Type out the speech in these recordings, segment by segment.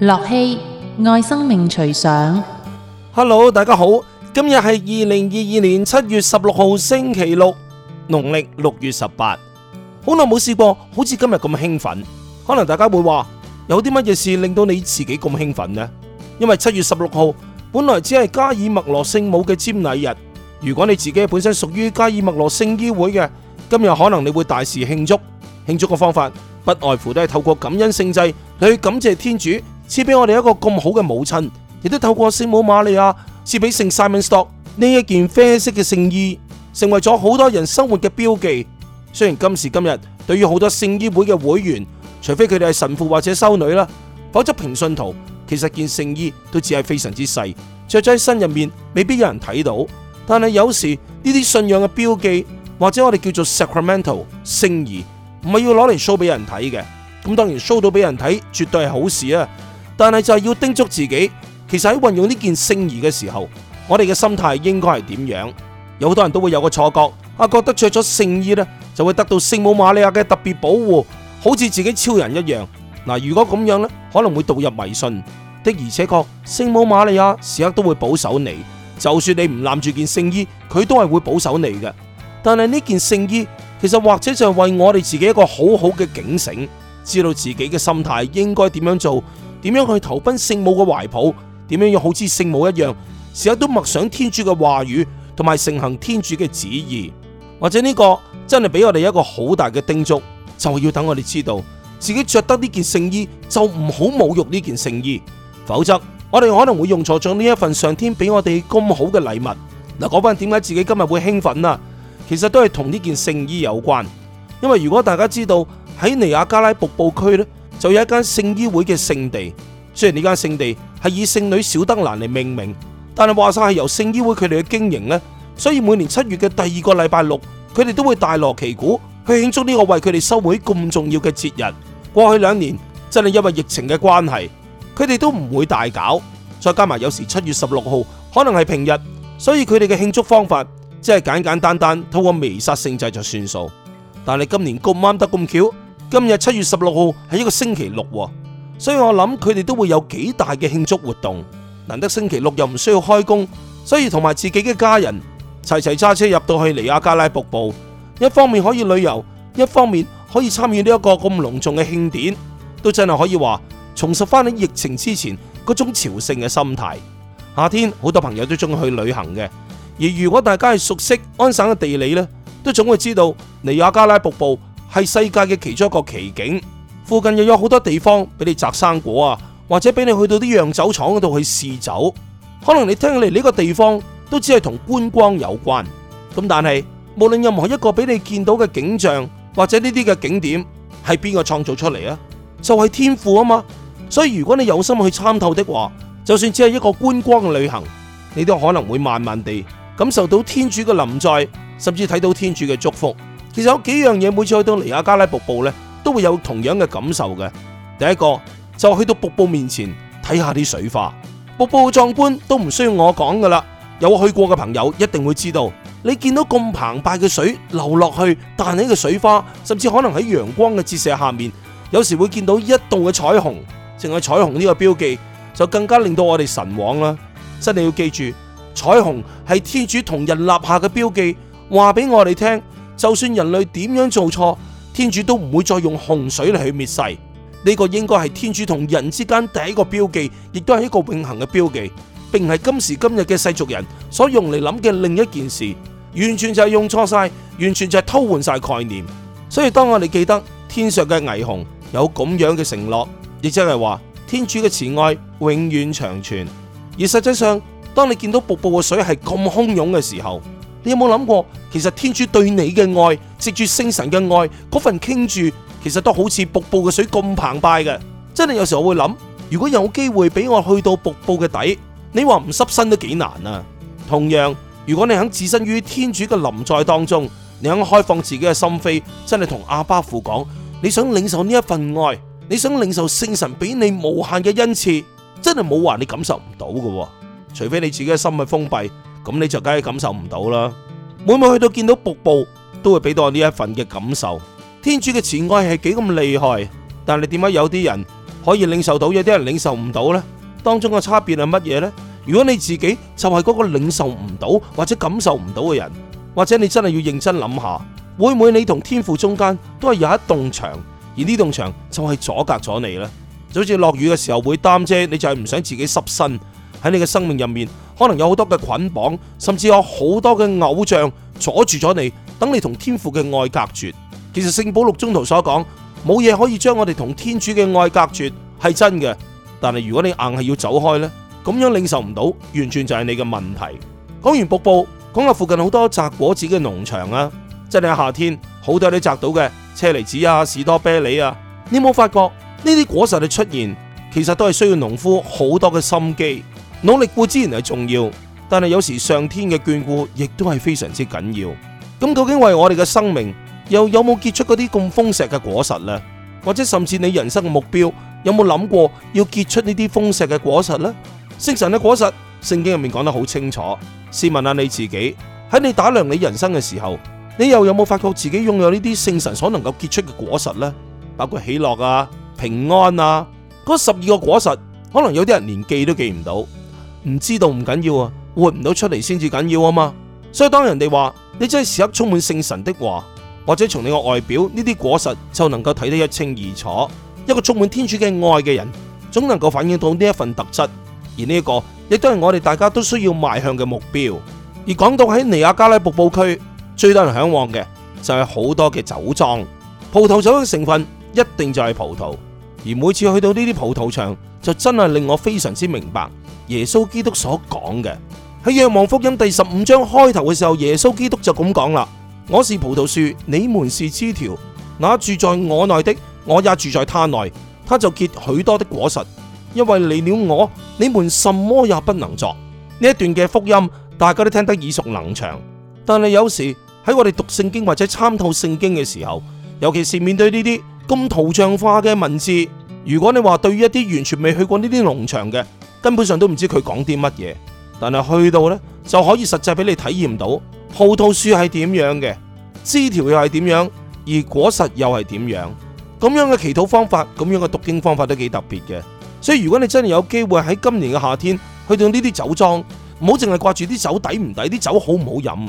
樂熙愛生命隨想，Hello，大家好，今日係二零二二年七月十六號星期六，農曆六月十八。好耐冇試過，好似今日咁興奮。可能大家會話有啲乜嘢事令到你自己咁興奮呢？因為七月十六號本來只係加爾默羅聖母嘅瞻禮日。如果你自己本身屬於加爾默羅聖衣會嘅，今日可能你會大肆慶祝。慶祝嘅方法不外乎都係透過感恩聖祭，你去感謝天主。賜俾我哋一個咁好嘅母親，亦都透過聖母瑪利亞賜俾聖 Simon Stock 呢一件啡色嘅聖衣，成為咗好多人生活嘅標記。雖然今時今日，對於好多聖衣會嘅會員，除非佢哋係神父或者修女啦，否則平信徒其實件聖衣都只係非常之細，着咗喺身入面未必有人睇到。但係有時呢啲信仰嘅標記，或者我哋叫做 sacramental 聖儀，唔係要攞嚟 show 俾人睇嘅。咁當然 show 到俾人睇，絕對係好事啊！但係就係要叮囑自己，其實喺運用呢件聖衣嘅時候，我哋嘅心態應該係點樣？有好多人都會有個錯覺，啊覺得着咗聖衣呢，就會得到聖母瑪利亞嘅特別保護，好似自己超人一樣。嗱，如果咁樣呢，可能會導入迷信。的而且確，聖母瑪利亞時刻都會保守你，就算你唔攬住件聖衣，佢都係會保守你嘅。但係呢件聖衣其實或者就係為我哋自己一個好好嘅警醒，知道自己嘅心態應該點樣做。點樣去投奔聖母嘅懷抱？點樣要好似聖母一樣，時刻都默想天主嘅話語，同埋盛行天主嘅旨意？或者呢個真係俾我哋一個好大嘅叮囑，就要等我哋知道自己着得呢件聖衣，就唔好侮辱呢件聖衣，否則我哋可能會用錯咗呢一份上天俾我哋咁好嘅禮物。嗱，嗰班點解自己今日會興奮啊？其實都係同呢件聖衣有關，因為如果大家知道喺尼亞加拉瀑布區咧。就有一間聖衣會嘅聖地，雖然呢間聖地係以聖女小德蘭嚟命名，但係話晒係由聖衣會佢哋嘅經營呢。所以每年七月嘅第二個禮拜六，佢哋都會大鑼旗鼓去慶祝呢個為佢哋收會咁重要嘅節日。過去兩年真係因為疫情嘅關係，佢哋都唔會大搞，再加埋有時七月十六號可能係平日，所以佢哋嘅慶祝方法即係簡簡單單透過彌撒聖祭就算數。但係今年咁啱得咁巧。今日七月十六號係一個星期六，所以我諗佢哋都會有幾大嘅慶祝活動。難得星期六又唔需要開工，所以同埋自己嘅家人齊齊揸車入到去尼亞加拉瀑布，一方面可以旅遊，一方面可以參與呢一個咁隆重嘅慶典，都真係可以話重拾翻喺疫情之前嗰種朝聖嘅心態。夏天好多朋友都中意去旅行嘅，而如果大家係熟悉安省嘅地理呢，都總會知道尼亞加拉瀑布。係世界嘅其中一個奇景，附近又有好多地方俾你摘生果啊，或者俾你去到啲釀酒廠嗰度去試酒。可能你聽嚟呢個地方都只係同觀光有關，咁但係無論任何一個俾你見到嘅景象或者呢啲嘅景點，係邊個創造出嚟啊？就係、是、天父啊嘛。所以如果你有心去參透的話，就算只係一個觀光旅行，你都可能會慢慢地感受到天主嘅臨在，甚至睇到天主嘅祝福。其實有幾樣嘢，每次去到尼亞加拉瀑布咧，都會有同樣嘅感受嘅。第一個就去到瀑布面前睇下啲水花，瀑布嘅壯觀都唔需要我講噶啦。有去過嘅朋友一定會知道，你見到咁澎湃嘅水流落去，但係呢個水花，甚至可能喺陽光嘅折射下面，有時會見到一度嘅彩虹，淨係彩虹呢個標記就更加令到我哋神往啦。真係要記住，彩虹係天主同人立下嘅標記，話俾我哋聽。就算人類點樣做錯，天主都唔會再用洪水嚟去滅世。呢個應該係天主同人之間第一個標記，亦都係一個永恒嘅標記，並係今時今日嘅世俗人所用嚟諗嘅另一件事，完全就係用錯晒，完全就係偷換晒概念。所以當我哋記得天上嘅霓虹有咁樣嘅承諾，亦即係話天主嘅慈愛永遠長存。而實際上，當你見到瀑布嘅水係咁洶湧嘅時候，你有冇諗過？其實天主對你嘅愛，藉住聖神嘅愛，嗰份傾注，其實都好似瀑布嘅水咁澎湃嘅。真係有時候會諗，如果有機會俾我去到瀑布嘅底，你話唔濕身都幾難啊！同樣，如果你肯置身於天主嘅臨在當中，你肯開放自己嘅心扉，真係同阿巴父講，你想領受呢一份愛，你想領受聖神俾你無限嘅恩賜，真係冇話你感受唔到嘅，除非你自己嘅心係封閉。咁你就梗係感受唔到啦。每每去到見到瀑布，都會俾到我呢一份嘅感受。天主嘅慈愛係幾咁厲害，但係你點解有啲人可以領受到，有啲人領受唔到呢？當中嘅差別係乜嘢呢？如果你自己就係嗰個領受唔到或者感受唔到嘅人，或者你真係要認真諗下，會唔會你同天父中間都係有一棟牆，而呢棟牆就係阻隔咗你呢？就好似落雨嘅時候會擔遮，你就係唔想自己濕身。喺你嘅生命入面，可能有好多嘅捆綁，甚至有好多嘅偶像阻住咗你，等你同天父嘅愛隔絕。其實聖保禄宗徒所講，冇嘢可以將我哋同天主嘅愛隔絕，係真嘅。但係如果你硬係要走開呢，咁樣領受唔到，完全就係你嘅問題。講完瀑布，講下附近好多摘果子嘅農場啊，即係夏天好多你摘到嘅車厘子啊、士多啤梨啊。你冇發覺呢啲果實嘅出現，其實都係需要農夫好多嘅心機。努力固然係重要，但係有時上天嘅眷顧亦都係非常之緊要。咁究竟為我哋嘅生命又有冇結出嗰啲咁豐碩嘅果實呢？或者甚至你人生嘅目標有冇諗過要結出呢啲豐碩嘅果實呢？「聖神嘅果實」聖經入面講得好清楚。試問下你自己，喺你打量你人生嘅時候，你又有冇發覺自己擁有呢啲聖神所能夠結出嘅果實呢？包括喜樂啊、平安啊，嗰十二個果實，可能有啲人連記都記唔到。唔知道唔緊要啊，活唔到出嚟先至緊要啊嘛。所以當人哋話你真係時刻充滿聖神的話，或者從你個外表呢啲果實就能夠睇得一清二楚。一個充滿天主嘅愛嘅人，總能夠反映到呢一份特質。而呢一個亦都係我哋大家都需要邁向嘅目標。而講到喺尼亞加拉瀑布區，最多人向往嘅就係好多嘅酒莊，葡萄酒嘅成分一定就係葡萄。而每次去到呢啲葡萄場，就真係令我非常之明白。耶穌基督所講嘅喺《若望福音》第十五章開頭嘅時候，耶穌基督就咁講啦：我是葡萄樹，你們是枝條。那住在我內的，我也住在他內，他就結許多的果實。因為離了我，你們什麼也不能作。呢一段嘅福音，大家都聽得耳熟能詳。但係有時喺我哋讀聖經或者參透聖經嘅時候，尤其是面對呢啲咁圖像化嘅文字，如果你話對於一啲完全未去過呢啲農場嘅，根本上都唔知佢講啲乜嘢，但係去到呢，就可以實際俾你體驗到葡萄樹係點樣嘅枝條，又係點樣，而果實又係點樣。咁樣嘅祈禱方法，咁樣嘅讀經方法都幾特別嘅。所以如果你真係有機會喺今年嘅夏天去到呢啲酒莊，唔好淨係掛住啲酒抵唔抵，啲酒好唔好飲。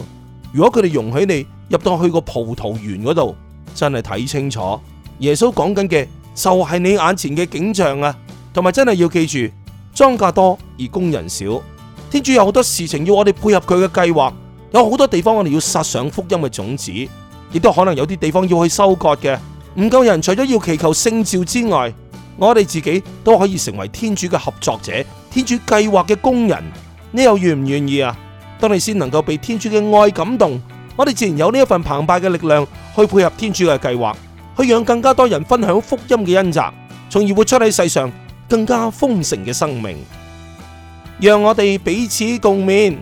如果佢哋容許你入到去個葡萄園嗰度，真係睇清楚，耶穌講緊嘅就係你眼前嘅景象啊，同埋真係要記住。莊稼多而工人少，天主有好多事情要我哋配合佢嘅計劃，有好多地方我哋要撒上福音嘅種子，亦都可能有啲地方要去收割嘅。唔夠人，除咗要祈求聖召之外，我哋自己都可以成為天主嘅合作者，天主計劃嘅工人。你又願唔願意啊？當你先能夠被天主嘅愛感動，我哋自然有呢一份澎湃嘅力量去配合天主嘅計劃，去讓更加多人分享福音嘅恩澤，從而活出喺世上。更加豐盛嘅生命，讓我哋彼此共勉。